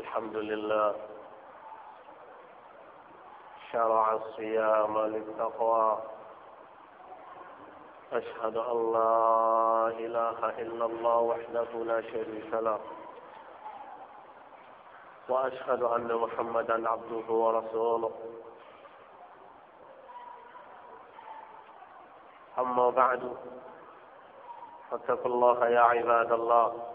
الحمد لله شرع الصيام للتقوى أشهد أن لا إله إلا الله وحده لا شريك له وأشهد أن محمدا عبده ورسوله أما بعد فاتقوا الله يا عباد الله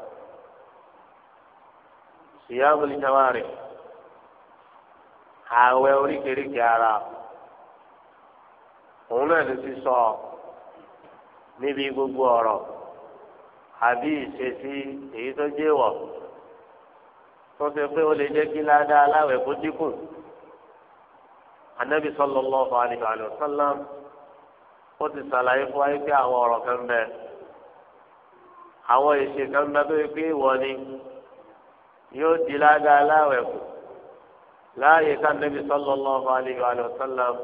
ìyáwó ní jawari àwẹ̀ oríkèéríkèé ara òun náà ló ti sọ níbi gbogbo ọ̀rọ̀ àbí ìṣesí èyí tó jẹ́ wọ̀ tó ṣe pé ó lè jẹ́ kí ládàá aláwẹ̀ kó dínkù anabi sallallahu alaihi wa sallam ó ti sàlàyé fún wáyé pé àwọn ọ̀rọ̀ kan bẹ àwọn ìṣe kan bẹ tó yẹ pé ìwọ ni yóò di lága aláwẹ̀ kù láàyè ká Nabi sallallahu alaihi wa sallam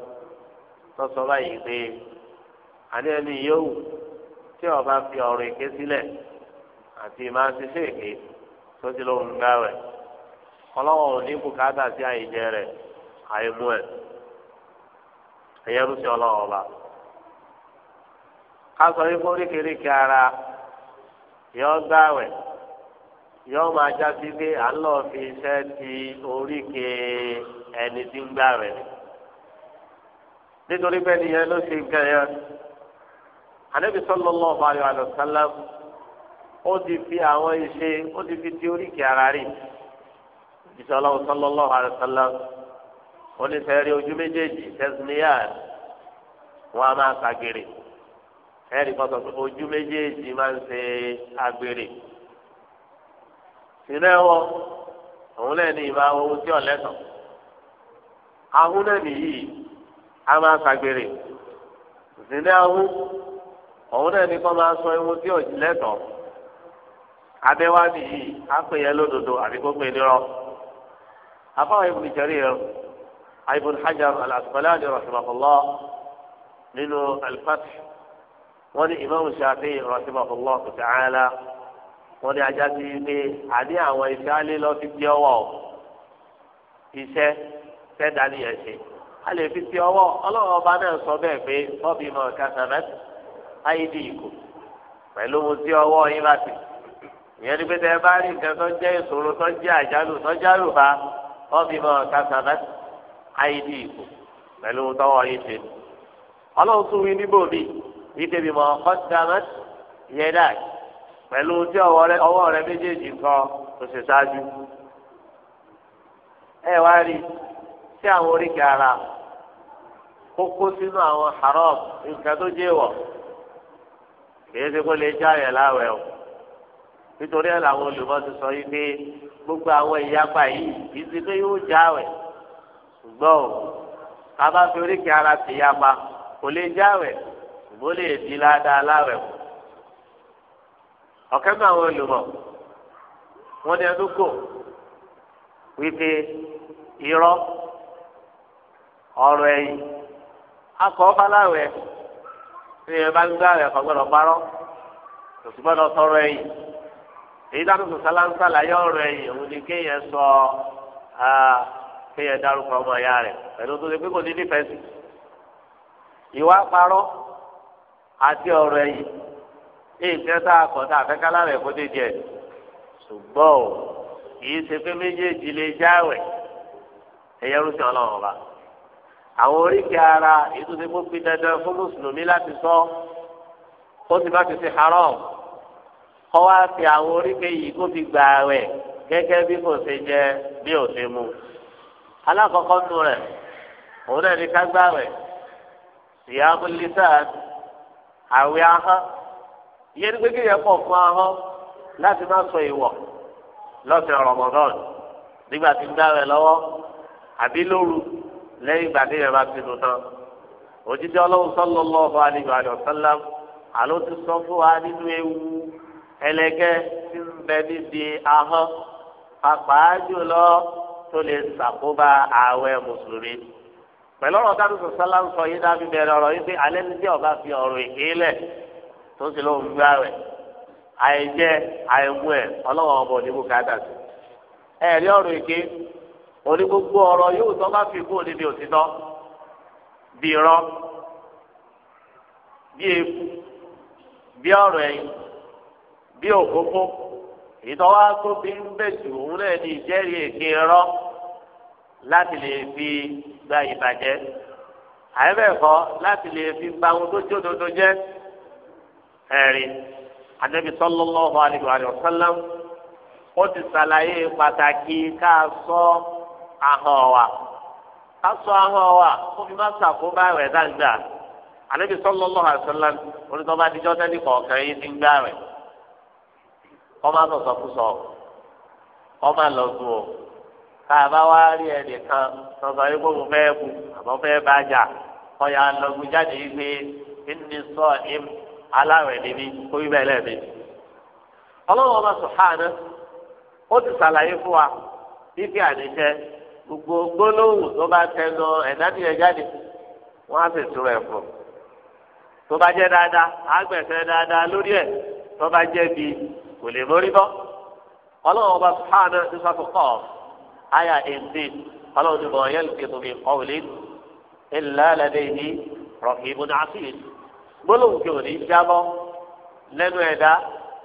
sọ́sọ́ báyìí pé àní ẹni yóò tí ọba fi ọ̀rọ̀ èké sílẹ̀ àti máa ṣiṣẹ́ èké tó ti lóun gbáwẹ̀ ọlọ́wọ́n ò ní bùkátà sí àìjẹ rẹ̀ àìmú ẹ̀ ẹ̀yẹ́rú sí ọlọ́wọ́n ọba. ká sọ wípé oríkèéríkèé ara yọ gbáwẹ̀ yọọ máa já sí pé à ń lọ fi iṣẹ́ ti oríkèé ẹni tí ń gbà rẹ̀ nítorí bẹ́ẹ̀ nìyẹn ló ṣe nǹkan yẹn anabi sallallahu alaihi wa sallam ó ti fi àwọn iṣẹ́ ó ti fi ti oríkì ara rí ìṣọlọ sallallahu alaihi wa sallam onífẹ̀ẹ́rẹ́ ojú méjèèjì tẹ́síníyàn wọn a máa ṣàgbèrè ẹ̀rí kan sọ pé ojú méjèèjì máa ń ṣe àgbèrè. ìrẹ́ wọ òun náà ní ìmọ̀ àwọn tí ọ̀lẹ́ tán ahun náà nìyí a máa ṣàgbèrè ìrẹ́ ahun òun náà ní kọ́ máa sọ ohun tí ọ̀lẹ́ tán abẹ́wá nìyí a pè yẹn lódodo àbí kó pè é nírọ́ afáwọn ibùdó ìjẹ́rì yẹn ibùn hajar al al-fath wọn imam shafi rahimahullah wọ́n ní ajá sí pé àní àwọn iṣẹ́ alẹ́ lọ fi ti ọwọ́ iṣẹ́ sẹ́dá nìyẹn ṣe a lè fi ti ọwọ́ ọlọ́run ọba náà sọ bẹ́ẹ̀ pé bọ́ọ̀bì mọ̀ kásánẹ́tì áyídì ìkò pẹ̀lú mo ti ọwọ́ yín bá ti ìyẹn ni pé tẹ bá rí nǹkan tó jẹ́ ìṣòro tó jẹ́ àjálù tó jálù bá bọ́ọ̀bì mọ̀ kásánẹ́tì áyídì ìkò pẹ̀lú tọwọ́ yín ṣe ọlọ́run tún wí níbòmí ìdèbìmọ̀ kọ́sánẹ́tì yẹ pẹ̀lú tí ọwọ́ rẹ méjèèjì kan tó ṣe ṣáájú. ẹ wá rí sí àwọn oríkèé ara kókó sínú àwọn haram nǹkan tó jẹ́ wọ̀ kìí ṣe kó lè já yẹn láwẹ̀ o nítorí ẹ̀ làwọn olùmọ̀ ti sọ yìí pé gbogbo àwọn ìyapa yìí kìí ṣe pé yóò já wẹ̀ ṣùgbọ́n o ká bá fi oríkèé ara ti yapa kò lè já wẹ̀ ṣùgbọ́n lè di ládàá láwẹ̀ o ọ̀kẹ́ bá àwọn olùmọ̀ wọ́n ní ẹdún kò wípé irọ́ ọ̀rọ̀ ẹ̀yìn akọ̀ ọ̀báláwẹ̀ ní ẹ̀ bá ń gbá rẹ̀ kọ̀ gbọ́dọ̀ parọ́ kò sì gbọ́dọ̀ sọ̀rọ̀ ẹ̀yìn èyí dáná tó sálánsá láyé ọ̀rọ̀ ẹ̀yìn òun ni kéèyàn sọ kéèyàn dárúkọ ọmọ ìyá rẹ̀ pẹ̀lú tó ṣe pé kò ní nífẹ̀ẹ́ sí ìwà parọ́ àti ọ̀rọ̀ ẹ̀yìn nǹkan tá a kọ̀ tá a fẹ́ kálá rẹ̀ kó dédé ẹ̀ ṣùgbọ́n o kì í ṣe pé méjèèjì lè jáwẹ̀ ẹ̀yẹ rúṣin ọlọ́run ọba àwọn oríkèé ara ètò tí mo fi dandan fún mùsùlùmí láti sọ ó sì bá ti ṣe haram kọ́ wá sí àwọn oríkèé yìí kó fi gbà rẹ̀ gẹ́gẹ́ bí kò ṣe jẹ bí ò ṣe mu alákọ̀ọ́kọ́ nù rẹ̀ òun náà ní ká gbà rẹ̀ ìyá abúlé sáà àwẹ̀ ahọ́n ìyẹn ní gbégbé yẹn pọ̀ fún ahọ́n láti má sọ ìwọ̀ lọ́sẹ̀ rọmọdọ́n nígbà tí ń dá rẹ̀ lọ́wọ́ àbí lóru lẹ́yìn ìgbà tí yẹn bá ti nù tán òjijì ọlọ́run sallallahu alaihi wa sallam àló ti sọ fún wa nínú ewu ẹlẹgẹ́ tí ń bẹ níbi ahọ́n pàápàá jùlọ tó lè ṣàkóbá ààwẹ̀ mùsùlùmí pẹ̀lú ọ̀rọ̀ táwọn sọ̀sálà ń sọ yìí dábìbẹ̀rẹ̀ ọ̀rọ̀ yìí pé alẹ́ tó sì lóun gbá rẹ̀ àìjẹ àìmú ẹ̀ ọlọ́wọ́n ọmọ òní bùkátà sí. ẹ̀rí ọ̀rọ̀ èké òní gbogbo ọ̀rọ̀ yóò tọ́ bá fi kúrò níbi òtítọ́ bí irọ́ bí eku bí ọ̀rọ̀ ẹ̀yìn bí òkókó ìtọ́wá tó fi ń òun náà ní fi gba ìbàjẹ́ láti lè fi gba ohun tó jó dodo jẹ́. ẹ̀rí anabi sallallahu ó ti ṣàlàyé pàtàkì ká sọ ahọ́n wa ká sọ ahọ́n wa kó fi má ṣàkóbá rẹ̀ dáadáa sallallahu kọ̀ọ̀kan yìí ti ń gbá rẹ̀ kọ́ má sọ̀sọ̀ kú sọ kọ́ má lọ sùn o ká a bá wá rí aláwẹ̀ ni mí kó wí bẹ́ẹ̀ lẹ́ẹ̀mí. ọlọ́run ọba sùhánà ó ti ṣàlàyé fún wa fífi àníṣe gbogbo gbólóhùn tó bá tẹnu ẹ̀dá nìyẹn jáde wọ́n á sì tó bá jẹ́ dáadáa dáadáa lórí ẹ̀ ọba sùhánà àyà èdè bọ̀ gbólóhùn kí ò ní jábọ́ lẹ́nu ẹ̀dá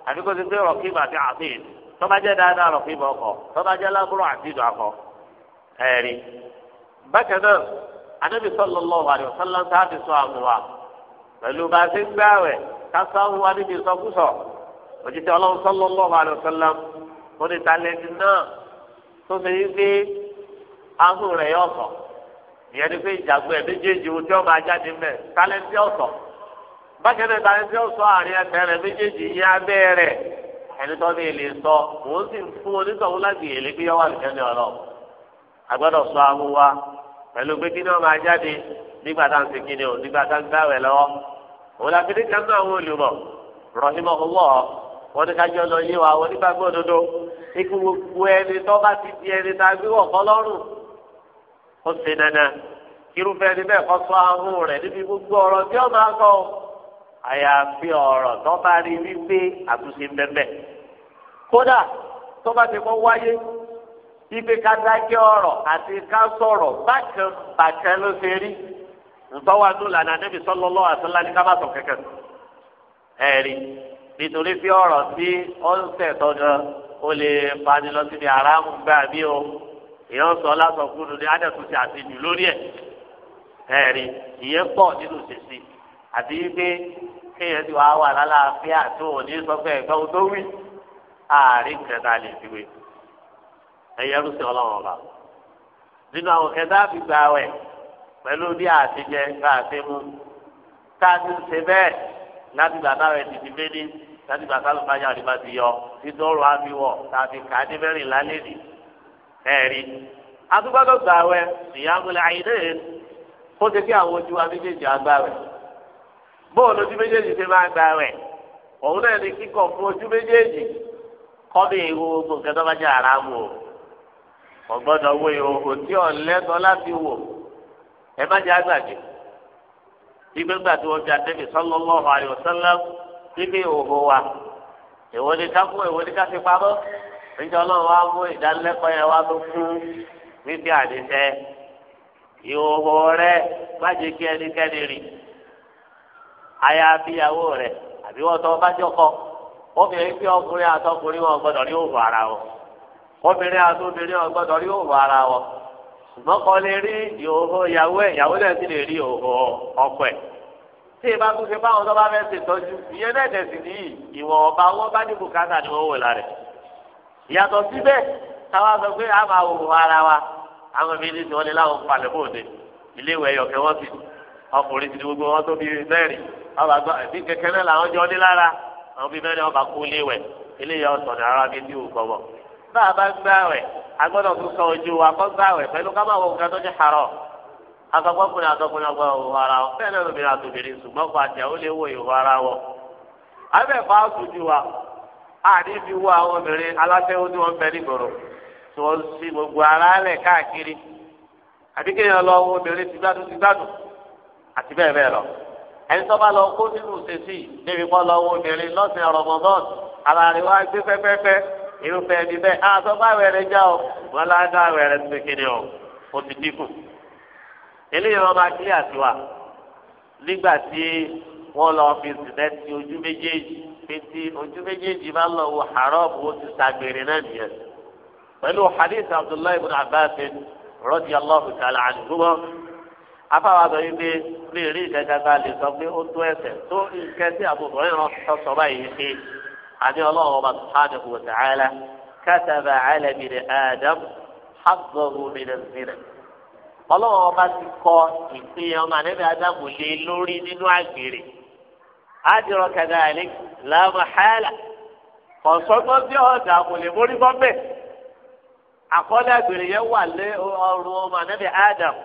àbí kó ti pé rọ̀kìmù àti àfíìn tọ́ba jẹ́ dáadáa rọ̀kìmù ọkọ̀ tọ́ba jẹ́ lábúrò àti ìdò akọ ẹ̀rí. bákan náà anábì sallallahu alaihi wasallam sáàbì sọ àmì wa pẹ̀lú bá a ti gbá rẹ̀ kásáwó wa níbi ìsọkúsọ òjijì ọlọ́run sallallahu alaihi wasallam ó ní talẹ́ntì náà tó ṣe yí pé ahùn rẹ̀ yọ̀ sọ̀ ìyẹn ni pé ìjàgbọ́ ẹ̀ méjèèjì ojú ọba bákan náà tani tí ó sọ àárín ẹsẹ̀ méjèèjì yá abẹ́ rẹ̀ ẹni tó ní ilé sọ mò ń fún onítọ̀hún láti èlé pé yọ wà lùkẹ́ ní ọ̀rọ̀ àgbọ́dọ̀ sọ àwọn wa pẹ̀lú pé kí ni wọ́n máa jáde nígbà tá à ń ṣe kí ni o nígbà tá à ń gbàwẹ̀ lọ́wọ́ òun la fi ní kan náà àwọn olùmọ̀ rọ̀hìmọ̀ owó ọ̀ wọ́n ní kájọ́ lọ yé wa wọ́n nígbà gbọ́dodo ikú gbogbo ẹni tó bá ti di ẹni tá a gbé wọ̀ lọ́rùn ó ṣe dandan irúfẹ́ ẹni bẹ́ẹ̀ kọ́ sọ ahọ́n rẹ̀ níbi gbogbo ọ̀rọ̀ tí ó máa sọ àyàfi ọ̀rọ̀ tó bá rí wípé àtúnṣe ń bẹ́ẹ̀ kódà tó bá ti kọ́ wáyé ibi ká dákẹ́ ọ̀rọ̀ àti ká sọ̀rọ̀ bákan bàkẹ́ ló ṣe rí ntọ́wá tó lànà níbi sallallahu alaihi wasallam ní ká bá sọ kẹ̀kẹ́ ẹ̀rí nítorí pé ọ̀rọ̀ tí ó ń tẹ̀tọ́ gan ó lè pani lọ síbi aráàmù gbà bí o èèyàn sọ lásán kúrò ní adẹ́kùn ti àtẹ̀jù lórí ẹ̀ ẹ̀rí ìyẹn pọ̀ nínú ṣèṣì àti wípé kéèyàn ti wá wà lálàáfíà tó ò ní sọ pé ẹ̀gbọ́n o tó wí ààrin kẹta lè fi wé ẹ̀yẹ rúṣin ọlọ́run ọba nínú àwọn kẹta fi gba awẹ pẹ̀lú bí àtijẹ bá a ti mú tá a ti ń ṣe bẹ́ẹ̀ láti gbà táwọn ẹ̀ ti di méjì láti gbà táwọn ìbájà rẹ̀ bá ti yọ títọ́rọ̀ àbíwọ̀ tàbí kàdé mẹ́rin lálẹ́ nì ẹ̀rí adúgbàdọ̀gbà awẹ ìyá múlẹ̀ àyílẹ̀ kó ti kí àwọn ojú wa méjèèjì agbá rẹ̀. bóòlù ojú méjèèjì ṣe máa gba rẹ̀ òun náà ní kíkọ̀ fún ojú méjèèjì kọ́bí ìwo gbogbo nǹkan tó bá jẹ́ o wo ìhòòhò tí ọ̀lẹ́tọ̀ láti wò ẹ má jẹ́ àgbàjẹ́ ìgbégbà tí wọ́n fi àtẹ́bí sallallahu alaihi wasallam kíkẹ́ ìhòòhò wa èwo ni ká fún èwo ni ká fi pamọ́ níjọ́ ọlọ́run wá mú ìdánilẹ́kọ̀ọ́ yẹn wá tó aya ìyàwó rẹ̀ àbí wọ́n tọ́ bá jọ́kọ́ obìnrin pé ọkùnrin àtọkùnrin wọn gbọ́dọ̀ rí òòfò ara wọn obìnrin àti wọn rí òòfò ara wọn rí ìhòòhò náà sì rí ọkọ ẹ tí ìbá tún ṣe báwọn tó bá ìyẹn náà ọba wọn bá ní bùkátà ni a máa wò ara wa àwọn mi ní tí láwọn bóde ọkùnrin ti di gbogbo wọn tó bí mẹ́rin ọba gbọ́ ẹbí kékeré làwọn jọ ní lára àwọn ọba kú ilé eléyà ọsàn ní ara mi ti bá a bá gbá wẹ agbọ́dọ̀ tún sọ ojú wa kọ gbá wẹ pẹ̀lú ká má wọ nǹkan tó ti xarọ akọkọkùnrin akọkùnrin ọgbà òwò ara wọn náà lóbìnrin àtòbìnrin kó fi àwọn obìnrin aláṣẹ́wó tí wọ́n fẹ́ tí wọ́n gbogbo ara àti bẹ́ẹ̀ bẹ́ẹ̀ lọ. ẹni tó bá lọ kó nínú sèṣì débi kọ́ lọ obìnrin lọ́sìn Ramadan ara rẹ̀ wá gbé pẹ́pẹ́pẹ́ irúfẹ́ ẹni bẹ́ẹ̀ á sọ bá wẹ̀rẹ̀ já o wọn lá dá wẹ̀rẹ̀ ti kéde o o ti dínkù. eléyìí wọn máa kílẹ̀ àti wa nígbà tí wọn lọ fi sìnẹ́ ti ojú méjèèjì pé ojú méjèèjì bá lọ wo haram wo ti sàgbèrè náà nìyẹn pẹ̀lú hadith Abdullahi ibn Abbas radiyallahu ta'ala afáwa sọ yìí pé lè rí ìdẹ́gbẹ́ta lè sọ pé ó tó ẹsẹ̀ tó nǹkan tí àbùkù rẹ̀ rán sọ báyìí pé àní ọlọ́run ọba subhanahu wa ta'ala kátàbà alẹ́mìnì adam hàbọ̀hù mìnàmìnà ọlọ́run ọba ti kọ ìpínyà ọmọ àdébẹ̀ adamu lé lórí nínú àgbèrè àdìrọ̀ kàdà àlẹ́ làmàhálà kọ̀sọ́gbọ́n bí ọ̀dà kò lè mórí bọ́ bẹ́ẹ̀ àgbèrè yẹn wà lé ọrùn ọmọ àdébẹ̀ adamu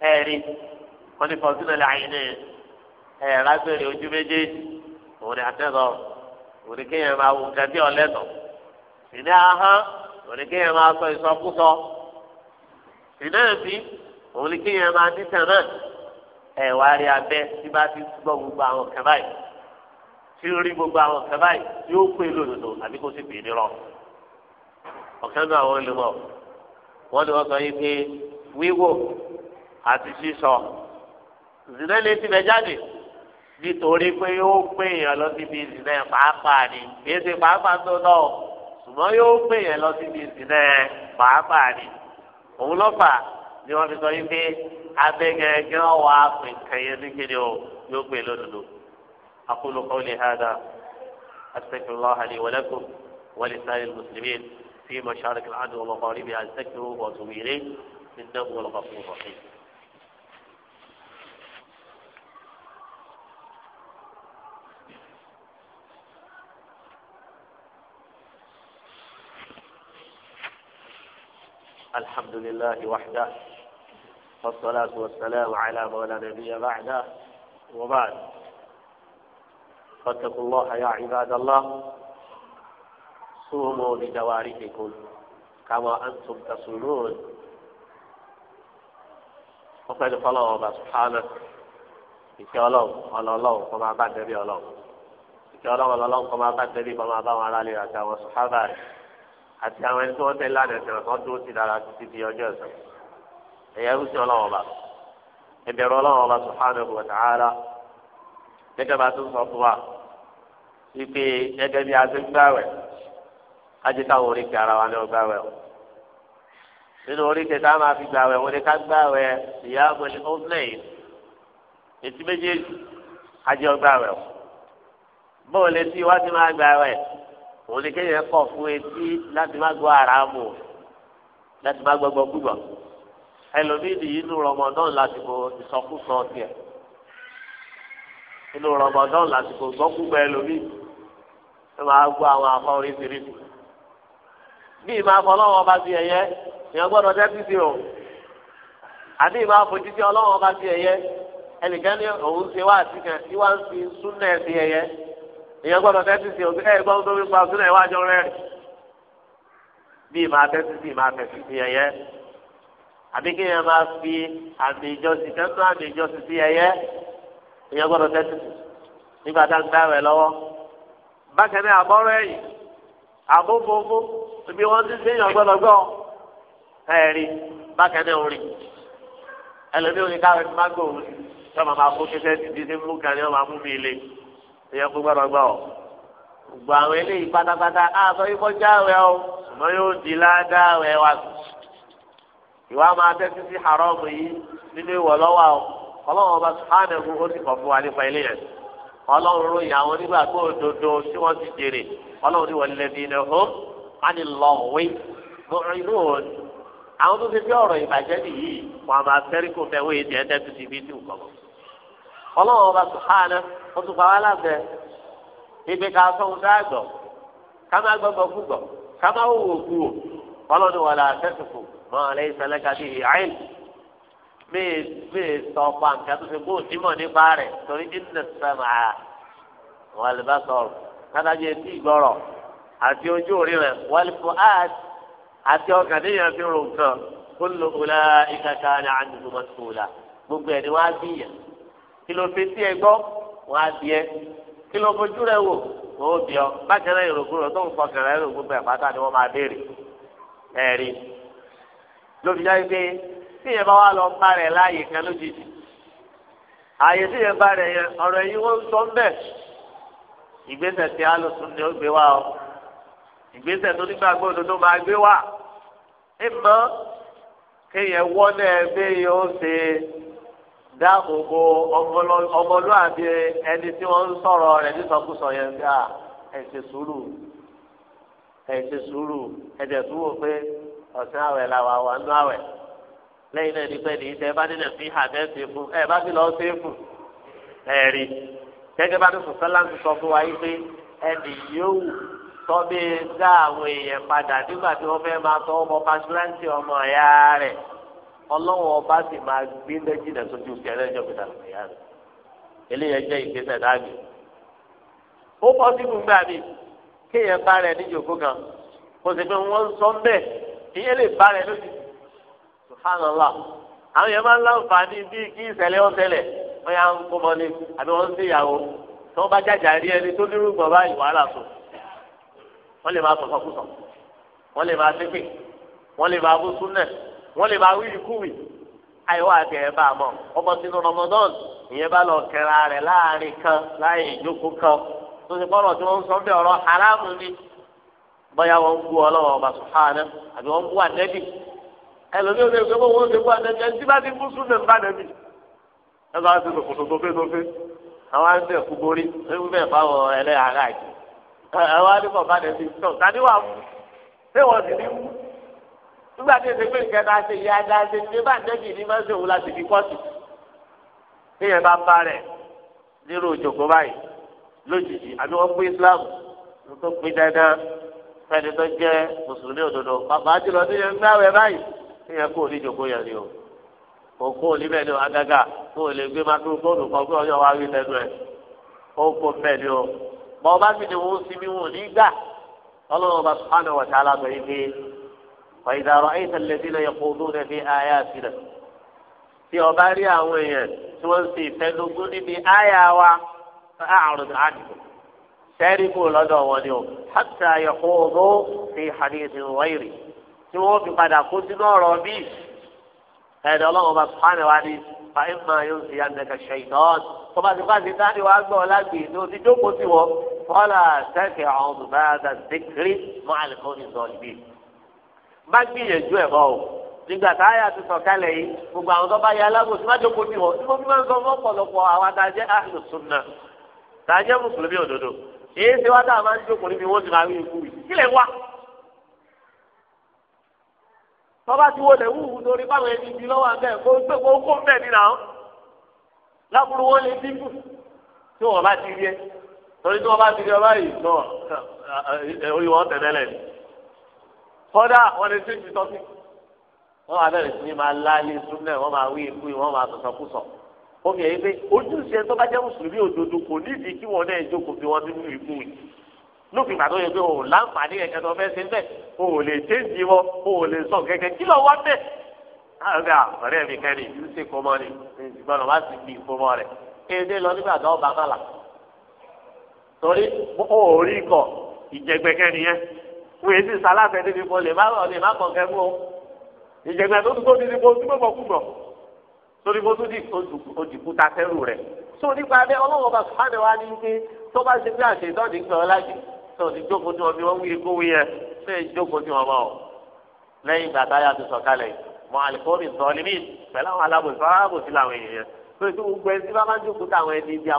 ẹ̀rí wọn ní fọsílẹ̀ láàyè ní ẹ̀rá gbèrè ojú méjèèjì òun ni àtẹ́tọ̀ òun ni kéèyàn máa wù nǹkan bí ọ̀lẹ́tọ̀ ìní ahọ́n òun ni kéèyàn máa sọ ìsọkúsọ ìní èsì òun ni kéèyàn máa nítẹ̀ náà ẹ̀ wá rí abẹ́ tí bá ti gbọ́ gbogbo àwọn kẹfà yìí tí rí gbogbo àwọn kẹfà yìí yóò pè lòdòdò àbí kó sì pè ní rọ ọ̀kẹ́ náà wọ́n lè mọ̀ wọ́n ni wọ́n sọ yìí pé wíwò àti sísọ zina lè ti bẹ jáde nítorí pé yóò pè yàn lọ síbi zina pàápàá ni kìí ṣe pàápàá tó náà ṣùgbọ́n yóò pè yàn lọ síbi zina pàápàá ni òun lọ́fà ni wọ́n fi sọ yín pé abẹ́gẹ́gẹ́ wà pè kẹyẹ ní o yóò pè lódodo. أقول قولي هذا أستغفر الله لي ولكم ولسائر المسلمين في مشارق العدو ومغاربها أستغفروه وأتوب إليه إنه هو الحمد لله وحده والصلاة والسلام على مولى نبي بعده وبعد فاتقوا الله يا عباد الله صوموا لجوارحكم كما أنتم تصومون وقد قال الله سبحانه إن شاء الله على الله فما بعد نبي الله إن شاء الله على الله فما بعد نبي فما بعد على الله وسبحانه àti àwọn ẹni tí wọ́n tẹ́ lánàá ẹ̀sẹ̀ kan dúró sí dára títí di ọjọ́ ẹ̀sẹ̀ ẹ̀yà ẹ̀rú ọlọ́wọ́n bá ẹ̀bẹ̀rù ọlọ́wọ́n bá subhanahu wa ta'ala gẹ́gẹ́ bá tó sọ fún wa wípé gẹ́gẹ́ bí a ti gbàwẹ̀ ara wa ní ọgbàwẹ̀ o nínú oríkèé tá a máa fi gbàwẹ̀ wọlé ká gbàwẹ̀ ìyá ọmọdé ó lẹ́yìn méjèèjì kájí ọgbàwẹ̀ o òun ni kéèyàn kọ̀ fún etí láti má gbọ́ àràmù láti má gbọ́ gbọ́gbùgbọ́ ẹlòmíì nìyí inú rọmọdán lásìkò ìsọkúsọ tiẹ̀ inú rọmọdán lásìkò gbọ́gbùgbọ́ ẹlòmíì ẹ máa gbọ́ àwọn afọ oríṣiríṣi bí ìmáa fọ ọlọ́wọ́ bá ti ẹ̀yẹ èèyàn gbọ́dọ̀ tẹ́tí sí o àbí ìmáa fojú sí ọlọ́wọ́ bá ti ẹ̀yẹ ẹnìkan ní òun ṣe wá àtìkàn tí wọ́n ń fi súnà ẹ̀ sí èèyàn gbọ́dọ̀ tẹ́tí sí ọ̀gbìn ẹ̀ gbọ́dọ̀ tó fi pa sílẹ̀ iwájú rẹ̀ bíi máa tẹ́tí sí máa tẹ̀sí sí ẹ̀yẹ àbí kí èèyàn máa fi àmì ìjọsìn tẹ́tí àmì ìjọsìn sí ẹ̀yẹ èèyàn gbọ́dọ̀ tẹ́tí sí nígbà tá à ń gbá rẹ̀ lọ́wọ́ bákan náà àbọ̀rọ̀ ẹ̀yìn àbófófó ibi wọ́n ti sí èèyàn gbọ́dọ̀ gbọ́ ẹ̀rí bákan náà orin ẹlòmíràn ní káwé mágbó òun tí wọ́n máa kó kéṣẹ́ ti di sí mú kan ní wọ́n máa mú mi le ìyẹn kó gbọ́dọ̀ gbọ́ ọ gbogbo àwọn eléyìí pátápátá àtọ ìkọjá rẹ o ṣùgbọ́n yóò di ládàá rẹ wa ìwà máa tẹ́tí sí haram yìí nínú ìwọ lọ́wọ́ o ọlọ́run ọba sùhánẹ̀kù ó ti kọ̀ fún wa nípa ilé yẹn ọlọ́run ròyìn àwọn onígbà tó dodo tí wọ́n ti jèrè ọlọ́run níwọ̀n lẹ́bi ilẹ̀ hó wọ́n lọ wí lórí inú àwọn tó ti fi ọ̀rọ̀ ìbàjẹ́ nìyí wọn máa fẹ́rí kó fẹ́ wọ́n yé tiẹ̀ tẹ́tí sí ibi tí ò kọ̀ mọ́ ọlọ́run ọba sùhánà ó tún fàwọn aláfẹ́ ibi ká sọ́hun tá a gbọ̀ ká má gbọ́gbọ́ kú gbọ̀ ká má wò wò kú wò ọlọ́run wà láà tẹ́sìkò mọ́ àlẹ́ ìsẹ̀lẹ̀ ká bí àìl bẹ́ẹ̀ bẹ́ẹ̀ sọ pa nǹkan tó ṣe bó dìmọ̀ nípa rẹ̀ torí ìdílé sẹ́mà wọn lè bá sọ̀rọ̀ kádájọ́ etí ìgbọ́rọ̀ àti ojú orí rẹ̀ wọ́n fún ad àti ọkàn níyàn fi rò nǹkan kó lóògùn lá ìkàkà ní àdúgbò mọ́tò gbogbo ẹ̀ ni wọ́n á bíyàn kí ló fi sí ẹ gbọ́ wọn á bí ẹ kí ló fojú rẹ wò wọn ó bí ọ bákẹrẹ ìrògùrò tó ń fọkẹrẹ ìrògùrò ẹ pátá ni wọn máa béèrè ẹ̀rí lóbi jáde pé tí yẹn bá wà lọ bá rẹ láàyè kan lójijì àyè tí yẹn bá rẹ yẹn ọ̀rọ̀ yìí wọn sọ ń bẹ ìgbésẹ̀ tí alùsùn ni ó gbé wá ọ ìgbésẹ̀ tó nígbàgbọ́ òdodo máa gbé wá ẹ mọ kéèyàn wọ́n náà dáàbòbò ọmọlúwàbí ẹni tí wọ́n ń sọ̀rọ̀ rẹ̀ nísọkúsọ yẹn gbà ah, ẹ ṣe sùúrù ẹ ṣe sùúrù ẹ̀jẹ̀ tó wò pé ọ̀sán àwẹ̀ làwà wà nú àwẹ̀ lẹ́yìn náà ní pé ní ìtẹ́ bá nílẹ̀ fi hà bẹ́ẹ̀ ṣe fún ẹ bá fi lọ ṣe fún ẹ rí gẹ́gẹ́ bá dùkú sọ́láńtì sọ fún wa yìí pé ẹnì yóò tọ́bí dá àwọn èèyàn padà nígbà tí wọ́n fẹ́ máa tọ́ ọmọ pàṣẹ ọlọ́wọ́ ọba sì máa gbé lẹ́jìnà sójú fi ẹlẹ́jọ́ fi dàgbà yá rẹ̀ eléyẹ jẹ́ ìgbésẹ̀ dání. ó kọ́ sínú gbà mí kéèyàn bá rẹ̀ níjòkó kan kò sì pé wọ́n ń sọ ń bẹ̀ ìyẹn lè bá rẹ̀ lójú. subhanallah àwọn yẹn máa ń láǹfààní bí kí ìṣẹ̀lẹ̀ ọ̀ṣẹ̀lẹ̀ wọ́n yà ń kó mọ́lé àbí wọ́n ń sí ìyàwó tí wọ́n bá jàjà rí ẹni tó dúró gbọ̀n báyìí wàhálà tó wọ́n lè máa sọ̀sọ̀ wọ́n lè máa ṣépè wọ́n lè máa bú súnẹ̀ wọ́n lè máa wí ìkúwì àìwá àti ẹ̀ bá a mọ̀ ọmọ sínú Ramadan ìyẹn bá lọ kẹra rẹ̀ láàrin kan láàrin ìjókòó kan tó ti bọ́rọ̀ tí wọ́n ń sọ bí ọ̀rọ̀ haramu ni bóyá wọ́n ń bú ọlọ́wọ́ ọba sùhánà àbí wọ́n ń bú ànẹ́bì ẹlòmí ò lè gbé bó wọ́n ti bú ànẹ́bì ẹni tí bá ti bú súnmẹ̀ bá ànẹ́bì ẹ bá ti lòkòtò tófé tófé àwọn àti ẹ̀kú borí ewu bẹ́ẹ̀ bá wọ ẹlẹ́ àrà àjẹ ẹ wá ní kọ̀ bá ànẹ́bì tó tani wà mú ṣé wọ́n sì ní mú nígbà tí èsì pé nǹkan tá a ṣe yẹ ajá ṣe ní bá nẹ́bì ní máa ń ṣòwò láti fi kọ́ọ̀tù níyẹn bá bá rẹ̀ nírú òjòkó báyìí lójijì àbí wọ́n pé Islam ló tó pé dandan fẹ́ni tó jẹ́ mùsùlùmí òdodo pàpà á ti lọ níyẹn ń gbáwẹ̀ báyìí níyẹn kó ní ìjòkó yẹn ni o kò kó ní bẹ́ẹ̀ ni o agága kó o lè gbé mákrófóònù kan gbé ọjọ́ wa rí lẹ́nu ẹ̀ kó o kó bẹ́ẹ̀ ni o bọ́ọ̀ bá sì ni wọ́n sinmi wọn nígbà ọlọ́run bá sùn وإذا رأيت الذين يقولون في آياتنا tí ó bá rí àwọn èèyàn tí wọ́n ń ṣe ìfẹ́lógún níbi àyà wa àrùn àdìgbò sẹ́rí kúrò lọ́dọ̀ wọn ni o hàtà yẹ̀kúrò fi hadithi wáyìrì tí wọ́n fi padà kó sínú ọ̀rọ̀ bíi ẹ̀dọ̀ ọlọ́run bá sùpánì wá ní fàìmà yóò fi ànàkà ṣèyítọ́n tó bá ti bá ti dání wá gbọ́ lágbè ní o ti jókòó sí wọn fọ́lá sẹ́kẹ̀ ọ̀hún bá dà síkírí mọ́ àlùfóònù sọ̀rọ̀ bíi bá gbìyànjú ẹ̀ mọ́ o nígbà tá a yà ti sọ kálẹ̀ yìí gbogbo àwọn tó bá yẹ alágbòsí má jókòó bí wọn tí mo fi máa ń sọ fún ọ̀pọ̀lọpọ̀ àwọn àtàjẹ́ àlù sunna tàjẹ́ mùsùlùmí òdodo èyí ṣe wá dáa máa ń jókòó níbi wọn ti máa rí ikú yìí kílẹ̀ wá. tọ́ba ti wọlé wúwú lórí báwọn ẹni ibi lọ́wọ́ abẹ́ kó gbé kó kó bẹ́ẹ̀ nínú àwọn lábúrú wọn lè dínkù tí wọn bá ti rí ẹ torí tí wọn bá ti rí ọ báyìí náà orí wọn tẹ̀lé lẹ́nu kọ́dà wọ́n lè tún ìtọ́ sí. wọ́n máa bẹ̀rẹ̀ sí ní máa láálé súnmọ́ wọ́n máa wí ikú wọ́n máa sọ̀sọ̀ kú sọ̀. ó fi èyí pé ojúṣe tó bá jẹ́ mùsùlùmí òdodo kò nídìí kí wọ́n náà jókòó fi wọ́n nínú ikú yìí. lófin ìgbà tó yẹ pé o ò láǹfààní kẹ̀kẹ́ tó fẹ́ ṣe ń bẹ̀ o ò lè téèjì wọn o ò lè sọ kẹ̀kẹ́ kí lọ wá bẹ̀. ọ̀rẹ́ mi kẹ́ni ìlú ṣe kọ́mọ ni ìgbọ́n lọ́ba sì gbì ìfowópamọ́ rẹ̀ kéde lọ nígbà tó ọba kàlà. torí o ò rí ikọ̀ ìjẹgbẹ́kẹ́ nìyẹn wọ́n yé ti sálàfẹ́ níbi kan lè má lè má kàn kẹ́kọ̀ọ́ ìjẹ̀gbẹ́ tó dúró níbi kan dúró bọ̀ kúbọ̀ torí bó tún di òjìkúta fẹ́rù rẹ̀ tó nípa abẹ́ ọlọ́wọ́ bá sùpàdé wa ní pé tó bá ṣe bí àṣẹ ìtọ́ni gbọ́ láti tó ní jókòó tí wọn bí wọn wí kówó yẹ ṣé jókòó tí wọn bá ọ lẹ́yìn ìgbà táyà ti sọ̀kalẹ̀ mọ àlìkòrì tọ́límì pẹ̀lú àwọn alábòsí alábòsí làwọn èèyàn pé tí gbogbo ẹni tí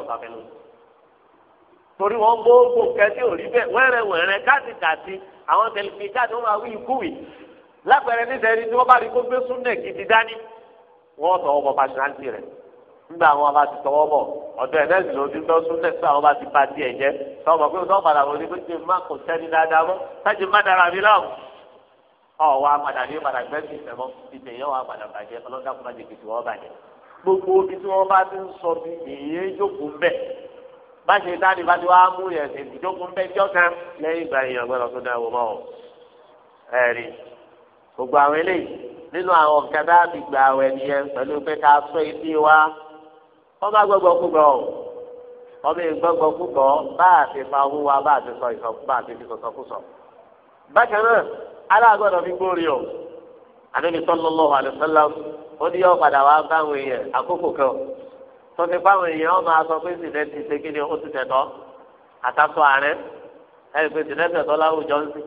bá torí wọn gbogbo nǹkan tí ò rí bẹ́ẹ̀ wẹ́rẹ́wẹ́rẹ́ káàtìkàtì àwọn tẹlifíṣàtì wọn máa wí ikúwì lápẹẹrẹ nítorí tí wọ́n bá rí kó gbé súnlẹ̀ gidi dání wọ́n tọwọ́ bọ̀ pàṣẹ́ntì rẹ̀ nígbà wọn bá ti tọwọ́ bọ̀ ọ̀dọ̀ ẹ̀dẹ́sì ló ti tọ́ súnlẹ̀ tí àwọn bá ti ba tiẹ̀ jẹ́ sọ̀rọ̀ pé wọ́n padà wọlé pé ṣe má kò sẹ́ni dáadáa mọ́ sáàjì má dára mi láwù. ọ̀wọ́ apàdà ní padà gbẹ́sì ìfẹ́mọ́ ìtẹ̀yẹ́ wọn apàdà bàjẹ́ ọlọ́dà kó kìtì wọ́n bàjẹ́. gbogbo ibi tí wọ́n bá ti ń sọ bí èyí jókòó bẹ́ẹ̀ bá ṣe dáni bá ti wá mú yẹn ṣe ìjókòó ń bẹ jọ kan lẹ́yìn ìgbà yẹn ọgbẹ́rọ̀ tó dá wò mọ́ ọ ẹ̀rí gbogbo àwọn eléyìí nínú àwọn kẹta àti gbà àwẹ̀ nìyẹn pẹ̀lú pé ká sọ etí wa wọ́n bá gbọ́gbọ́ kúgbọ́ ọ ọmọ ìgbọ́gbọ́ kúgbọ́ bá a ti fa owó wa bá a ti sọ ìsọkú bá a ti fi sọsọkúsọ. bákan náà aláàgbọ́dọ̀ fi gbórí o àdébí sallallahu alaihi wasallam ó ní yọ padà wá báwọn èèyàn àkókò kan tó ti fáwọn èèyàn máa sọ pé sì ṣe kí ni ó ti tẹ̀tọ́ àtàkọ ààrẹ ẹ̀rì pé sì lẹ́tẹ̀tọ́ láwùjọ ń sìn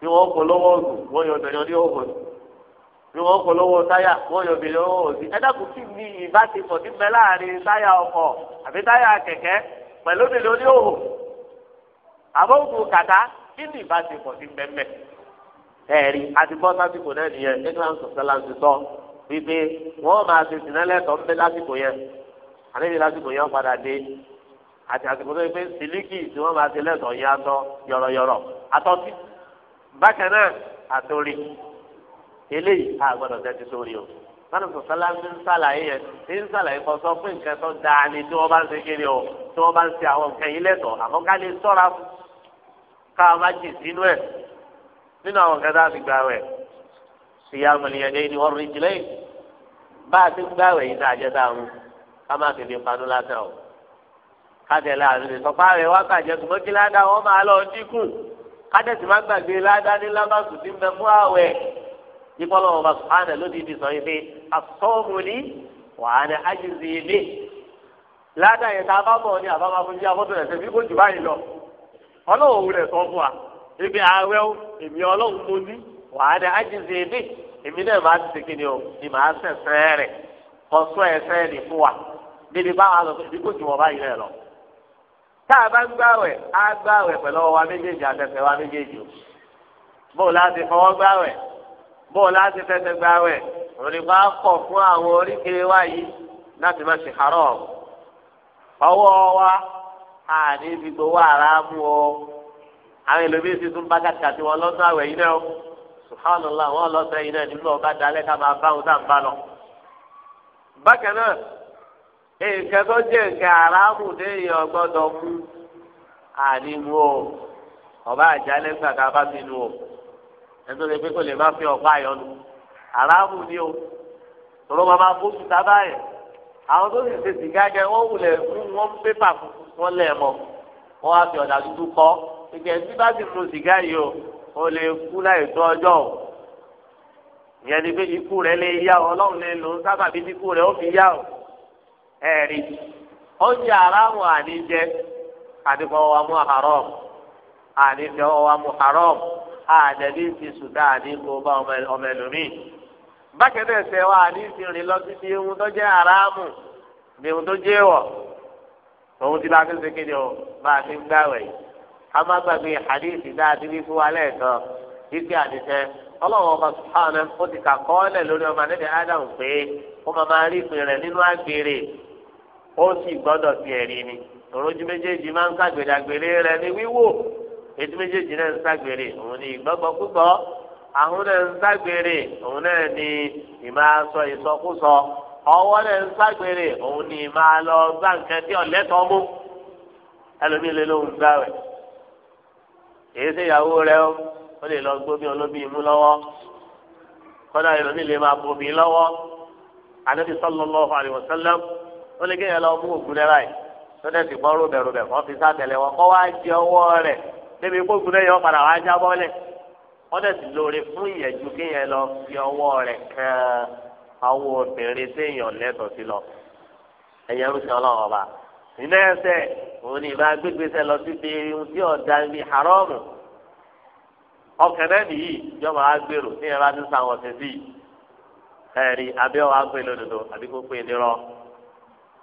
bí wọ́n kó lówó oògùn wọ́n yọ obìnrin ní oògùn bí wọ́n kó lówó táyà wọ́n yọ obìnrin owó òsì ẹ dákun kí ni ìbáṣepọ̀ ti bẹ láàrin táyà ọkọ̀ àbí táyà kẹ̀kẹ́ pẹ̀lú obìnrin ní oògùn àbóògùn kàtá kí ni ìbáṣepọ̀ ti bẹ mẹ́ ẹ̀rí àti bọ́ sásìkò náà nìyẹn nígbà tó sẹ́lá àlébi lásìkò yẹn padà dé àti àsìkò tó yẹ pé "Siliki, tí wọ́n máa ti lẹ́sọ̀ọ́ yẹn atọ́ yọ̀rọ̀yọ̀rọ̀ atọ́tí bákan náà àtòrí eléyìí a gbọ́dọ̀ tẹ́tí sórí o sani sọsọlá ń sàlàyé yẹn ń sàlàyé kọ sọ pé nǹkan tó dáa ni tí wọ́n bá ń ṣe kiri o tí wọ́n bá ń ṣe àwọn nǹkan yìí lẹ́tọ̀ọ́ àmọ́ ká lè sọ́ra ká má jì sínú ẹ̀ nínú àwọn nǹkan tá a ti gbà wẹ̀ ìyá ọmọnìyàn ni wọ́n rí jìlẹ́yìn bá a ti gbà wẹ̀ yìí tá a jẹ́ tá a rún ká má kéde panu lásán o kájẹ láàrin lè sọ fáre wákàjẹ tó mọ́kí ládàá wọn máa lọ dínkù kájẹ sì má gbàgbé ládàá ní lábàtú tí mẹ mú àwẹ̀ ìpọlọ wọn bá sùpánà lódìdí sọ yìí pé asọ́ọ̀mù ni wàá ní ájúzi ilé lada yẹn tá a bá bọ̀ ní àbámá fún jí afọ́tò rẹ̀ tẹ̀sí kó jù báyìí lọ ọlọ́wọ́ rẹ̀ sọ fún wa ibi àwẹ̀ o èmi ọlọ́run mo ní wàá ní ájúzi ilé èmi náà máa ti ṣe kí ni o ni màá sẹ̀sẹ̀ rẹ̀ kọ́ sọ ẹ̀sẹ̀ rẹ̀ fún wa níbi báwa lọ pé kò ju wọn báyìí rẹ lọ tá a bá ń gbàwẹ̀ á gbàwẹ̀ pẹ̀lú ọwọ́ wa méjèèjì àtẹ̀fẹ̀ wa méjèèjì o bó o láti fọwọ́ gbàwẹ̀ bó o láti fẹsẹ̀ gbàwẹ̀ òrìbá kọ̀ fún àwọn oríkèé wa yìí láti má ṣe haram ọwọ́ wa àní fi gbowó ara mú o àwọn ẹlòmíín ti tún bá kàkàtì wọn lọ́sọ̀ àwẹ̀ yìí náà o subhanallah wọn lọ́sọ̀ yìí náà nǹkan tó jẹ́ nǹkan aráàmù déèyàn gbọ́dọ̀ mú ànímú o ọba àjálẹ̀ gbà ká bá ti nu o ẹ̀tọ́ lè pé kò lè má fi ọ̀pá àyọnu aráàmù ni o tọ́lọ́ máa máa bóṣù sábà yẹn àwọn tó sì ṣe sìgá jẹ wọ́n wulẹ̀ mú wọ́n mú pépà wọ́n lẹ̀ mọ́ wọ́n á fi ọ̀dà dúdú kọ́ ìgbẹ́ tí bá ti mu sìgá yìí o o lè kú láì tó ọjọ́ o ìyẹn ni pé ikú rẹ lè yá o ọlọ́run lè lò ó sábàbí ikú rẹ ó fi yá o. ẹ̀rí oúnjẹ aráàmù àníjẹ àdìgbọ́wọ́ amú haram àníjọ́wọ́ haram àdẹ̀bí ti sùdá ọmọ ẹlòmíì. rìn lọ sí ti ohun tó jẹ́ aráàmù ní ohun tó jẹ́ wọ̀ òun bá a ti ṣe kéde o bá a ń gbàwẹ̀ yìí. a má gbàgbé dáadé wa lẹ́ẹ̀kan ìgbé àdìsẹ́ ọlọ́wọ́ ọba sùpáànù ó ti kà kọ́ ọ́lẹ̀ lórí ọmọ ó sì gbọ́dọ̀ sí ẹ̀rí ni òrojú méjèèjì máa ń ṣàgbèrè àgbèrè rẹ̀ ní wíwò ètò méjèèjì náà ń ṣàgbèrè òun ni ìgbọ́gbọ́ púpọ̀ àwọn náà ń ṣàgbèrè òun náà ni ìmọ̀ aṣọ ìsọkúsọ ọwọ́ náà ń ṣàgbèrè òun ni ìmọ̀ alọ́ gbá nǹkan tí ọ̀lẹ́tọ̀ mú ẹlòmíì lè lóhùn gbá èyí sì ìyàwó rẹ̀ ó ó lè lọ gbómi olómi ìmú lọ́wọ́ kọ́dà máa bomi lọ́wọ́ ó lè kéèyàn lọ mú ògùn rẹ báyìí tọ́tẹ̀ sì gbọ́n rúbẹ̀ rúbẹ̀ kọ́ fi sátẹ̀lẹ̀ wọn kọ́ wá jẹ ọwọ́ rẹ̀ débi kó ògùn rẹ̀ yọ padà wá já bọ́lẹ̀ wọ́n tẹ̀ sì lóore fún ìyẹ̀jú kéèyàn lọ fi ọwọ́ rẹ̀ kan àwọn obìnrin téèyàn lẹ́tọ̀ọ́ sí lọ ẹ̀yẹ ń sọ ọlọ́run ọba nínú ẹsẹ̀ òun ni ìbá gbégbèsè lọ síbi irun tí ọ̀dà ń bi haramu ọkàn náà nìyí yọ̀ọ́ máa gbèrò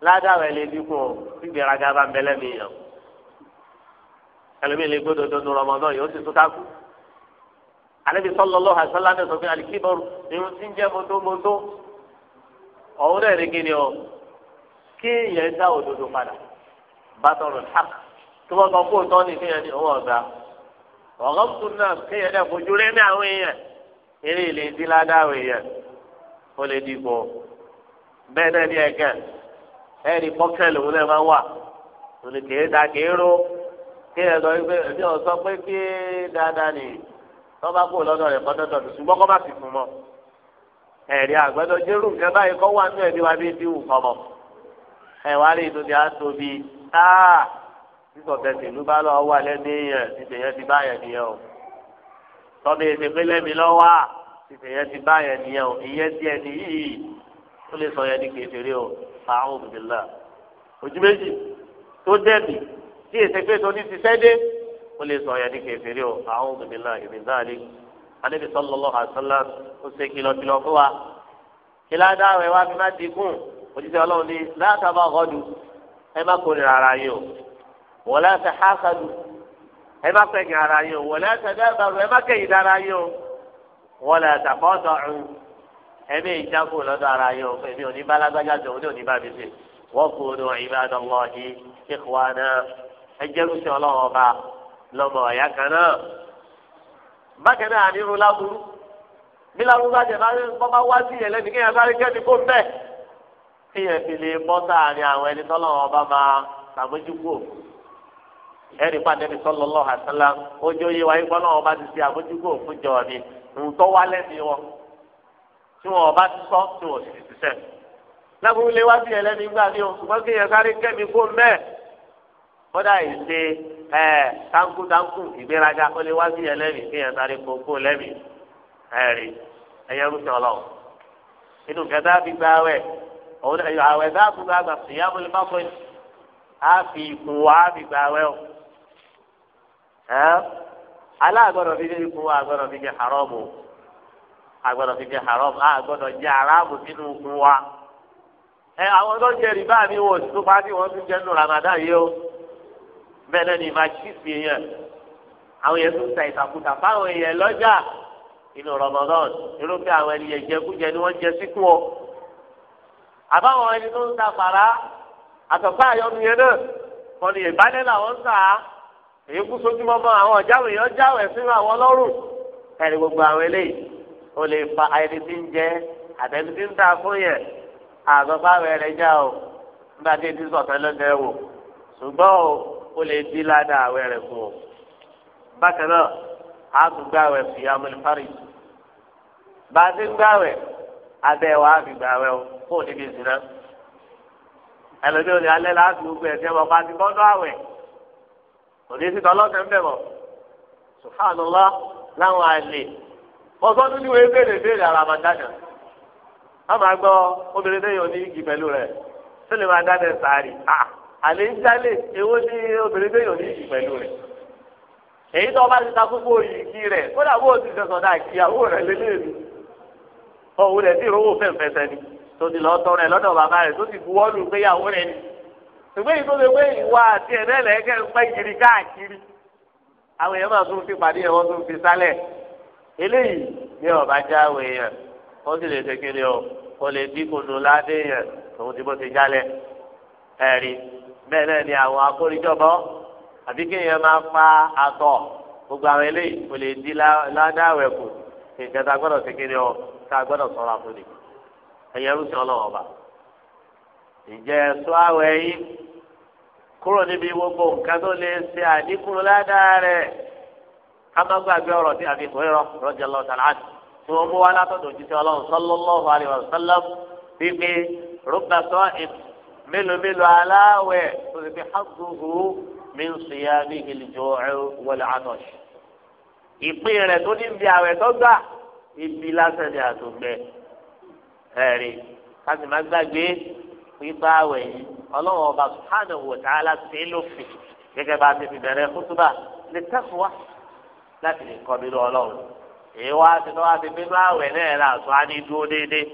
ládàá rẹ lè dínkù o gbígbéraga bá ń bẹ lẹ́mìí yàn ẹlòmíì lè gbódò dundun rọmọdún yìí ó sì tún kákú alẹ́bí sọlọ́lọ́ àṣọlá náà sọ pé alikíbọ̀rù irun tí ń jẹ́ mọ́tòmọ́tò ọ̀hún náà ní kíni o kí èèyàn dá òdodo padà bá tọrọ tak tí wọ́n sọ fún òtọ́ ní kéèyàn ní owó ọ̀gá ọ̀gọ́n tún náà kéèyàn náà fojú rẹ́ ní àwọn èèyàn eré ilé ìdíládá àwọn èèyàn ó lè dìbò bẹ́ẹ̀ náà ní ẹ̀kẹ́ ẹ̀rí pọ́kẹ́ lòun náà máa wà òní kèé da kèé ró kí ẹ lọ pé ẹbí ọ̀ sọ pé kí dáadáa nì tó bá kó lọ́dọ̀ rẹ̀ pọ́dọ́dọ̀ tó ṣùgbọ́n kọ́ bá sì fún mọ́ ẹ̀rí àgbẹ̀dọ̀ jẹ́rù nǹkan báyìí kọ́ wà nínú ẹ̀mí wa bí ti wù kọ́ mọ́ ẹ̀ wá rí inú ni a tóbi táà sísọ̀tẹ̀ tìlú bá lọ wà lẹ́nu yẹn ìtẹ̀yẹ ti bá yẹn nìyẹn o tọ́bi ìsìnkú lẹ́mi lọ́wọ́ ìtẹ̀yẹ ti bá yẹn nìyẹn o ìyẹn tiẹ̀ nìyí ó lè sọ yẹn ní kékeré o àwọn òbílà ojú méjì tó dẹ́bi tí èsè pé tó ní ti sẹ́dé ó lè sọ ọ̀yà ní kẹfìrí o àwọn òbílà ìbílà àlè alẹ́bi sọlọ́lọ́ àṣọlá ó ṣe kìlọ̀kìlọ̀ fún wa kí ládàá rẹ̀ wá fi má ti kún òjíṣẹ́ ọlọ́run ní látàbà ọ̀gọ́dù ẹ má kórìíra ara yín o wọ́n láti hákàdù ẹ má kẹ́yìn ara yín o wọ́n láti dábàrú ẹbí ìjábò lọ́dọ̀ ara yẹn òfin mi ò ní bálágbájá jọ òun ní òní bá mi ṣe wọ́n kú ní ibadallahi ikhwana ẹjẹ́rúṣẹ́ ọlọ́run ọba lọ́mọ ọ̀yá kan náà. bákan náà nínú láburú bí láburú bá jẹ bá bá wá sí ìyẹlẹ ní kéèyàn sáré kẹ́ni kó bẹ́ẹ̀ kéèyàn fi lè bọ́ sáàrin àwọn ẹni tọ́lọ́run ọba máa ṣàmójúkú ẹni pàdébí sallallahu alaihi ojú yìí wáyé gbọ́n náà ti ṣe àmójúkú òfin ni ntọ́wálẹ́ni wọn. tí wọn bá ti sọ tí wọn sì ti sẹ gbà ní o ṣùgbọ́n kí yẹn kárí kẹ́mi kó mẹ́ẹ̀ ẹ tankutanku ìgbéraga ó kí yẹn kárí kó kó lẹ́mi ẹ̀rí ẹ̀yẹ rúṣin ọlọ́run inú kẹta fi gba awẹ òun ẹ̀yọ awẹ gba aláàgọ́dọ̀ fi agbọ́dọ̀ fi jẹ haram agbọ́dọ̀ jẹ haramu sínú ogun wa ẹ àwọn tó ń jẹ rìbá mi wò tó bá ní wọn tún jẹ nù ramadan yìí o bẹ́ẹ̀ náà ni màá ṣì fi yẹn àwọn yẹn tún ta ìtàkùtà fáwọn èèyàn lọ́jà inú ramadan irúfẹ́ àwọn ẹni jẹkújẹ ni wọ́n jẹ síkú o àbáwọn ẹni tó ń ta fàrà àtọ̀fẹ́ àyọnu yẹn náà wọn ni ìbálẹ̀ làwọn ń tà á èyí kú sójúmọ́ àwọn ọ̀jáwé ó lè fa ẹni tí ń jẹ àtẹni tí ń ta fún yẹn àgbàgbà rẹ já o nígbà tí etí sọ̀tẹ́ lọ́dẹ wò ṣùgbọ́n o ó lè di ládàá àwẹ̀ rẹ̀ fún o bákan náà a tún gbà wẹ̀ fìyà mọ̀lẹ́fàrì bá a ti ń gbà abẹ́ wa á fi gbà o kó o níbi ìsìn náà ẹlòmí ò ní alẹ́ láti gbogbo ẹ̀sẹ̀ wọn bá ti bọ́dọ̀ àwẹ̀ òní ti tọ́lọ́sẹ̀ ń bẹ̀ mọ́ ọsọdún ni wọ́n béèrè béèrè ara máa dáná wọ́n máa gbọ́ obìnrin tẹ́yìn òní igi pẹ̀lú rẹ̀ tó lè máa dáná sáré à àlè ń jálè èwo ní obìnrin tẹ́yìn òní igi pẹ̀lú rẹ̀ èyí tó bá ti ta gbogbo igi rẹ̀ kódà bó o ti sẹ̀sọ̀ dá ìyàwó rẹ̀ lélẹ́ẹ̀mí ọ̀hún rẹ̀ sì rówó fẹ̀fẹ̀sẹ̀ ni tó ti lọ́ọ́ tọrọ ẹ̀ lọ́dọ̀ bàbá rẹ̀ tó ti buwọ́lù gbéyàwó rẹ̀ ni ṣùgbọ́n èyí tó lè wé ìwà àti ẹ̀rẹ́ lẹ́kẹ́ ń pẹ́ kiri káàkiri àwọn èèyàn máa tún fi pàdé ẹ̀ wọ́n tún fi sálẹ̀ eléyìí ní ọba jáwé yẹn ó sì lè ṣèkéde o ó lè dínkù nù ládé yẹn tòun ti bó ti jálẹ̀ ẹ̀rí bẹ́ẹ̀ náà ni àwọn akórijọbọ àbí kéèyàn máa pa àtọ̀ gbogbo àwọn eléyìí kò lè dín ládàwẹ̀ kù nǹkan tá a gbọ́dọ̀ ṣèkéde o tá a gbọ́dọ̀ sọ̀rọ̀ àfọlẹ ẹyẹ rúṣì Ọlọ́run ọba ìjẹ sọ àwẹ̀ yìí kúrò níbi gbogbo nǹkan tó lè ṣe àdínkù ládàá rẹ̀ kámágbé àgbẹ ọ̀rọ̀ tí àbí ìfòyérọ rọjà lọ tàlá àti tí wọn mú wa látọ̀dọ̀ jíṣẹ́ Ọlọ́run sọlọlọhùn àríwá sọlọm wípé rúgbà sọ ìm mélòó mélòó aláwẹ̀ tó ti fi hàgbùgbù mi ń sèyá ní ìlìjọ wọlé àtọṣ ìpín rẹ̀ tó ní bí àwẹ̀ tó gbà ibi lásán ni àtúgbẹ ẹrí káṣí má gbàgbé pípa àwẹ̀ yìí Ọlọ́run ọba subhanahu wa ta'ala sí lófin gẹ́gẹ́ bá a ti fi bẹ̀rẹ̀ kútúbà lè tẹfù láti lè kọ́ mi lọ ọlọ́run èyí wá ti tọ́ wá ti pé bá àwẹ̀ náà rà sọ á ní dúró déédéé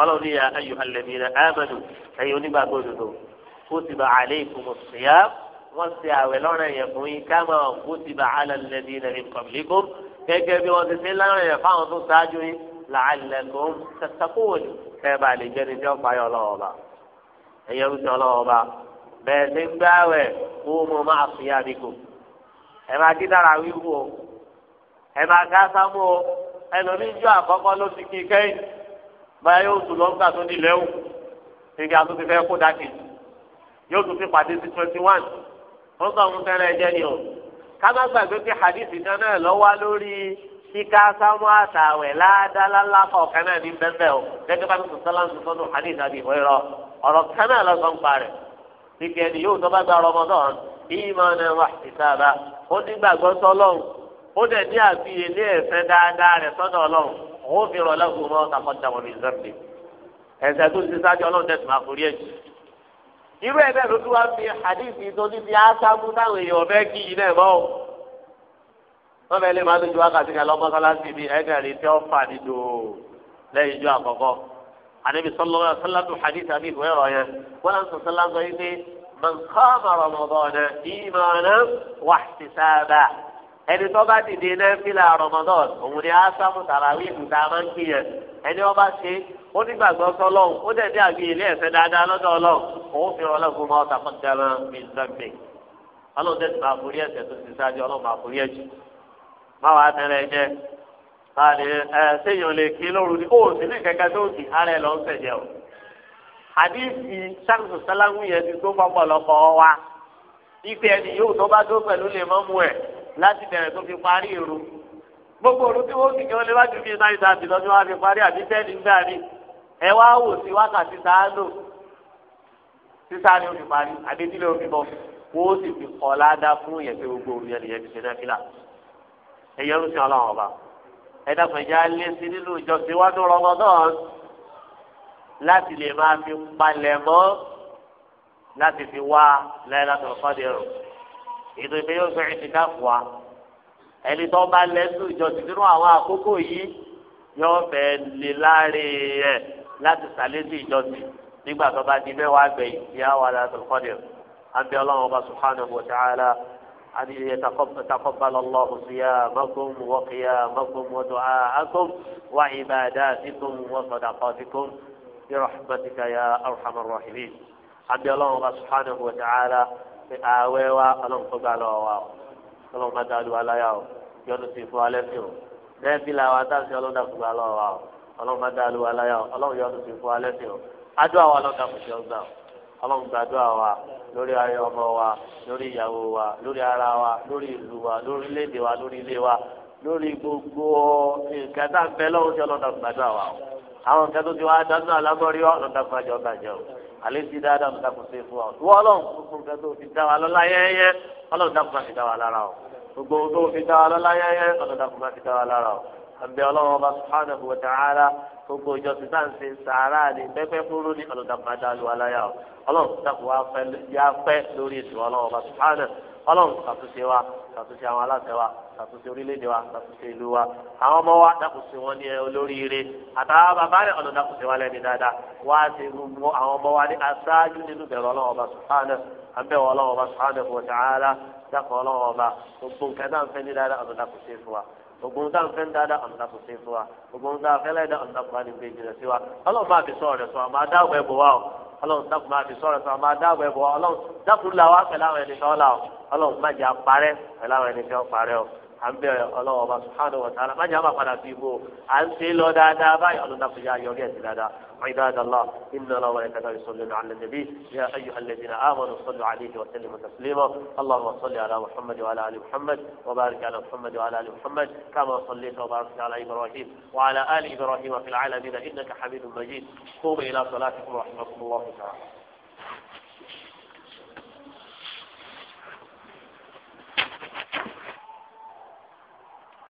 ọlọ́run ní ayò alẹ́mí rẹ̀ ẹ́mẹ́nu ẹ̀yin onígbàgbọ́ òdodo kó ti bá àlẹ́ ìkùmọ̀ síyá wọ́n ti àwẹ̀ lọ́rẹ̀ yẹn fún yín kámọ́ kó ti bá alẹ́lẹ́mí rẹ̀ gẹ́gẹ́ bí wọ́n ti ṣe lọ́rẹ̀ yẹn fáwọn tó ṣáájú yín làálẹ̀kùn tẹ̀síkúwòlù kẹ́ lè jẹ́ ní tí ẹ máa ká sámú o ẹlòmíjọ àkọ́kọ́ ló ti kí kẹ́yìn báyà yóò tún lọ́gbà tó ní lẹ́wù ibi àtún ti fẹ́ kó dákì yóò tún fi pàdé sí twenty one wọ́n kàn ń fẹ́rẹ̀ ẹjẹ́ ni o ká má gbàgbé pé hadith kan náà lọ wá lórí kíká sámú àtàwẹ̀ ládàlálá kọ̀ọ̀kan náà ní bẹ́ẹ̀ o gẹ́gẹ́ bá mi sọ sọ́lá hadith àbí ìwé rọ ọ̀rọ̀ kan náà lọ sọ ń parẹ̀ kíkẹ́ ni yóò tọ́ bá gba Ramadan ìmọ̀ náà wà ìsáàbà ó nígbàgbọ́ sọ́lọ́hùn ó dẹ̀ ní àfiyèlé ẹ̀ṣẹ̀ dáadáa rẹ̀ sọ́dọ̀ ọlọ́run òun fi rọ̀ lọ́gùn mọ́ takọ́jàmọ́ mi zẹ́pẹ̀ ẹ̀ṣẹ̀ tó ti sáájú ọlọ́run tẹ̀sí máa forí ẹ̀jì. irú ẹ̀ bẹ́ẹ̀ ló tún wá fi àdìsí tó ní fi ásámú táwọn èèyàn ọ̀bẹ kí yìí náà mọ́ o. wọ́n fẹ́ lé máa lójú wákàtí kan lọ́mọ́sálásí mi ẹ̀ẹ́dẹ̀rẹ̀ tí wọ́n fà nínú lẹ́yìn ijó àkọ́kọ́ ẹni tó bá dìde nẹ́fìlà rọmọdọ́n òun ni ásámù tàràwí ìta máa ń kíyàn ẹni ọba ṣe ó nígbàgbọ́ sọlọ́hún ó dẹ̀dẹ̀ àgbé ilé ẹ̀fẹ́ dáadáa lọ́dọ̀ ọlọ́hún òun fi ọlọ́hún fún ọta fún jẹrọ mi zambé ọlọ́hún tẹ̀sí máa forí ẹ̀ṣẹ̀ tó ti ṣáájú ọlọ́hún máa forí ẹ̀jù má wàá tẹ̀lé jẹ́ báyìí ẹ séèyàn lè kí lóru ni ó sì ní kẹ̀kẹ́ tó ti ara ẹ̀ lọ ń sẹ̀jẹ̀ o àdìsí sáǹsù sálámù yẹn ti tó pọ̀pọ̀lọpọ̀ wa ife ẹni yóò tó bá tó pẹ̀lú lè mọ́mú ẹ̀ láti bẹ̀rẹ̀ tó fi parí ìrù gbogbo òru tí wọ́n kìkẹ́ wọlé wájú bíi náírà tàbí lọ́dún wá fi parí àbí tẹ́ẹ̀lì ń dàrí ẹ wá wò sí wákàtí sáánù sísáni ó fi parí àbí tílé ó fi bọ̀ kó o sì fi kọ́ ládàá fún yẹn pé gbogbo òru yẹn nìyẹn ti ṣe náà fílà ẹ yẹn lùsìn ọlọ́run ọba ẹ dàpọ̀ ìjà lé sí nínú ìjọsìn wájú rọmọdán láti lè máa fi palẹ̀ mọ́ láti fi wá láyé látọ̀ fọ́dẹ̀rù ètò ìfẹ́ yóò fẹ́ ẹni ká fún wa ẹni tó bá lẹ́sùn ìjọsìn nínú àwọn àkókò yìí yóò fẹ́ lè láre ẹ̀ láti sàlẹ́sì ìjọsìn nígbà tó bá di mẹ́wàá gbẹ̀yìn ìyá wa lásìkò kọ́dẹ̀ àbí ọlọ́run ọba subhanahu wa ta'ala. أن يتقبل الله صيامكم وقيامكم ودعاءكم وعباداتكم وصدقاتكم برحمتك يا أرحم الراحمين عبد الله سبحانه وتعالى pé ààwẹ̀ wa ọlọ́run tó gbà lọ́wọ́ wa o ọlọ́run bá dáadọ́ wa láyà o yọnu sí fún alẹ́ sí o lẹ́ẹ̀bí la wa dáhùn sí ọlọ́run dàkú gbà lọ́wọ́ wa o ọlọ́run bá dáadọ́ wa láyà o ọlọ́run yọnu sí fún alẹ́ sí o adúlá wa lọ́dà kò sí ọgbà o ọlọ́run gbàdúrà wa lórí ayé ọmọ wa lórí ìyàwó wa lórí ara wa lórí ìlú wa lórí iléèdè wa lórí ilé wa lórí gbogbo nǹkan tá lọ́wọ́ sí ọlọ́run dàkú gbàdúrà wa o àwọn nǹkan àlejò dáadáa mo dákun sí fún ọ ìwọ Ọlọ́run gbogbo nǹkan tó fi dá wa lọ́lá yẹ́yẹ́ Ọlọ́run dákun má fi dá wa lára o gbogbo tó fi dá wa lọ́lá yẹ́yẹ́ Ọlọ́run dákun má fi dá wa lára o àbẹ Ọlọ́run ọba subhanahu wa ta'ala gbogbo ìjọsìn tá à ń ṣe sàárà ni pẹ́pẹ́ fúru ní ọ̀dọ̀dàmọ́dá lu aláyà o ọlọ́run dàpọ̀ wá fẹ́ yá pẹ́ lórí ètò ọlọ́run bá sùpánà ọlọ́run ṣàtúnṣe wa ṣàtúnṣe àwọn aláṣẹ wa ṣàtúnṣe orílẹ̀-èdè wa ṣàtúnṣe ìlú wa àwọn ọmọ wa dàpọ̀ sí wọn ní olóríire àtàwọn bàbá rẹ̀ ọ̀nà dàpọ̀ sí wa lẹ́ni dáadáa wá sí gbogbo àwọn ọmọ wa ní aṣáájú nínú bẹ̀rẹ̀ ọlọ́run bá sùpánà àbẹ̀wò ọlọ́run bá sùpánà bọ̀ ṣàhálà dàpọ̀ ọlọ́run bá gbogbo nǹkan náà fẹ́ ní dáadáa ọ̀nà dàpọ̀ fún wa gbogbo ń sáà fẹ́ ń dáadáa ọ̀nà wa gbogbo ń sáà fẹ́ láì dá ọ̀nà kò bá ní gbé jìnnà sí wa ọlọ́run máa fi sọ̀rọ̀ rẹ̀ sọ àmọ́ adáàbò ẹ̀bùn wa o ọlọ́run dákun máa fi sọ̀rọ̀ sọ àmọ́ adáàbò ẹ̀bùn wa ọlọ́run dákun là wá pẹ̀lú àwọn ẹni kan ọ̀la o ọlọ́run má jẹ́ àparẹ́ pẹ̀lú àwọn ẹni à ń bẹ ọlọ́wọ́ ọba subhanahu wa ta'ala májà máa padà sí ibò à ń ṣe lọ dáadáa báyìí ọlọ́dà fún yà yọrí ẹ̀sìn dáadáa عباد الله إن الله وملائكته يصلون على النبي يا أيها الذين آمنوا صلوا عليه وسلموا تسليما اللهم صل على محمد وعلى آل محمد وبارك على محمد وعلى آل محمد كما صليت وباركت على إبراهيم وعلى آل إبراهيم في العالمين إنك حميد مجيد قوموا إلى صلاتكم ورحمكم الله تعالى